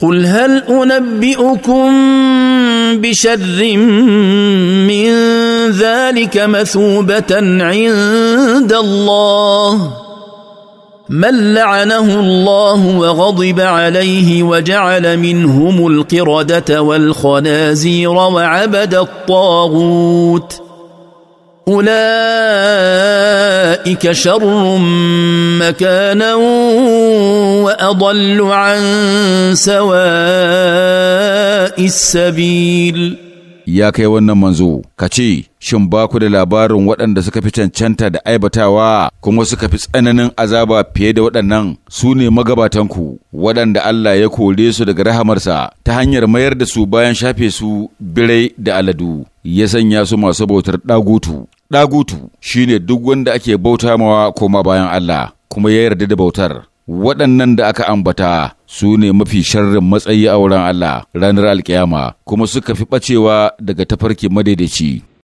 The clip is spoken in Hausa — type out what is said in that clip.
قل هل انبئكم بشر من ذلك مثوبه عند الله من لعنه الله وغضب عليه وجعل منهم القرده والخنازير وعبد الطاغوت اولئك اولئك شر مكانا واضل عن سواء السبيل ya kai wannan manzo, ka ce, Shin ba ku da labarin waɗanda suka fi cancanta da aibatawa kuma suka fi tsananin azaba fiye da waɗannan su ne magabatanku, waɗanda Allah ya kore su daga rahamarsa ta hanyar mayar da su bayan shafe su birai da aladu, ya sanya su masu bautar ɗagutu. Ɗagutu shine duk wanda ake bauta mawa koma bayan Allah, kuma ya yarda da bautar. waɗannan da aka ambata su ne mafi sharrin matsayi a wurin Allah ranar alkiyama kuma suka fi ɓacewa daga tafarki madaidaici.